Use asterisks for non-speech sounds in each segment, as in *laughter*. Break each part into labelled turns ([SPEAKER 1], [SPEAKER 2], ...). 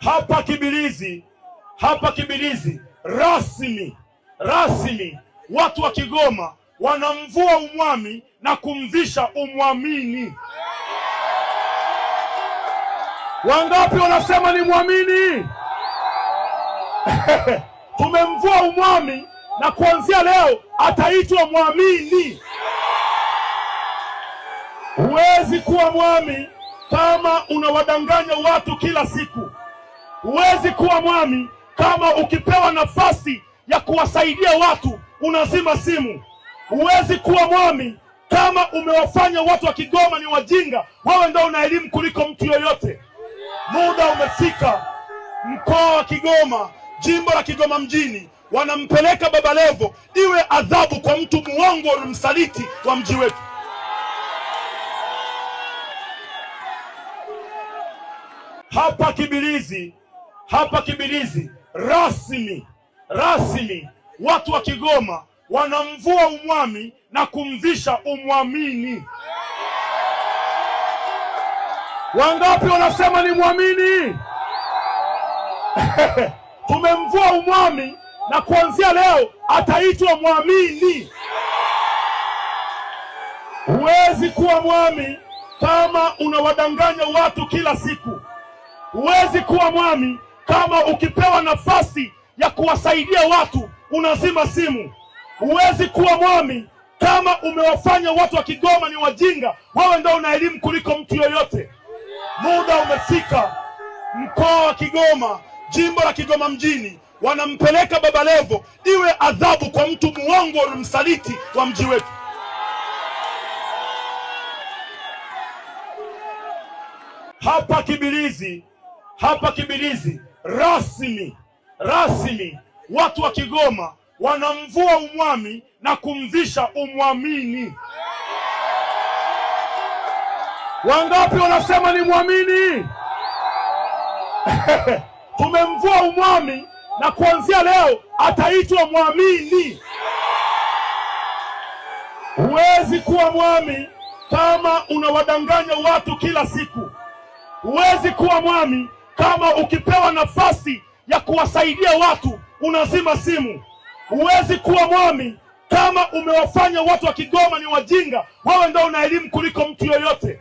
[SPEAKER 1] hapa Kibirizi, hapa Kibirizi rasmi rasmi, watu wa Kigoma wanamvua umwami na kumvisha umwamini. Wangapi wanasema ni mwamini? *laughs* Tumemvua umwami na kuanzia leo ataitwa mwamini. Huwezi kuwa mwami kama unawadanganya watu kila siku. Huwezi kuwa mwami kama ukipewa nafasi ya kuwasaidia watu unazima simu. Huwezi kuwa mwami kama umewafanya watu wa Kigoma ni wajinga. Wewe ndio una elimu kuliko mtu yoyote. Muda umefika, mkoa wa Kigoma, jimbo la Kigoma mjini wanampeleka Baba Levo iwe adhabu kwa mtu mwongo na msaliti wa mji wetu. Hapa Kibilizi hapa Kibirizi rasmi rasmi, watu wa Kigoma wanamvua umwami na kumvisha umwamini. Wangapi wanasema ni mwamini? *laughs* Tumemvua umwami na kuanzia leo ataitwa mwamini. Huwezi kuwa mwami kama unawadanganya watu kila siku. Huwezi kuwa mwami kama ukipewa nafasi ya kuwasaidia watu unazima simu. Huwezi kuwa mwami kama umewafanya watu wa Kigoma ni wajinga. Wewe ndio una elimu kuliko mtu yoyote. Muda umefika, mkoa wa Kigoma, jimbo la Kigoma mjini wanampeleka Baba Levo iwe adhabu kwa mtu mwongo na msaliti wa mji wetu. Hapa Kibirizi, hapa Kibirizi rasmi rasmi, watu wa Kigoma wanamvua umwami na kumvisha umwamini. Wangapi wanasema ni mwamini? *laughs* Tumemvua umwami na kuanzia leo ataitwa mwamini. Huwezi kuwa mwami kama unawadanganya watu kila siku. Huwezi kuwa mwami kama ukipewa nafasi ya kuwasaidia watu unazima simu. Huwezi kuwa mwami kama umewafanya watu wa Kigoma ni wajinga. Wewe ndio una elimu kuliko mtu yoyote.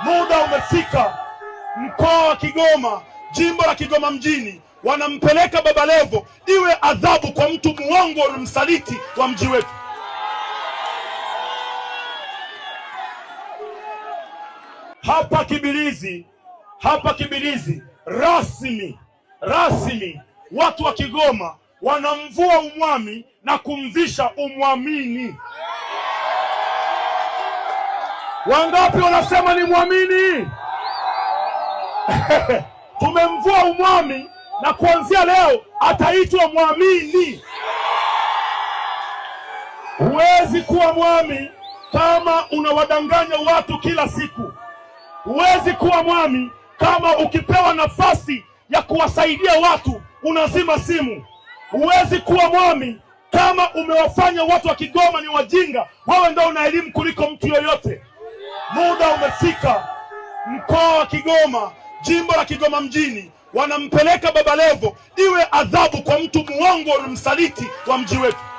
[SPEAKER 1] Muda umefika, mkoa wa Kigoma, jimbo la Kigoma mjini wanampeleka Baba Levo iwe adhabu kwa mtu mwongo na msaliti wa mji wetu. Hapa Kibirizi, hapa Kibirizi rasmi rasmi, watu wa Kigoma wanamvua umwami na kumvisha umwamini. Wangapi wanasema ni mwamini? *laughs* Tumemvua umwami na kuanzia leo ataitwa mwamini. Huwezi kuwa mwami kama unawadanganya watu kila siku. Huwezi kuwa mwami kama ukipewa nafasi ya kuwasaidia watu unazima simu. Huwezi kuwa mwami kama umewafanya watu wa Kigoma ni wajinga. Wewe ndio una elimu kuliko mtu yoyote. Muda umefika, mkoa wa Kigoma, jimbo la Kigoma mjini wanampeleka Baba Levo, iwe adhabu kwa mtu mwongo na msaliti wa mji wetu.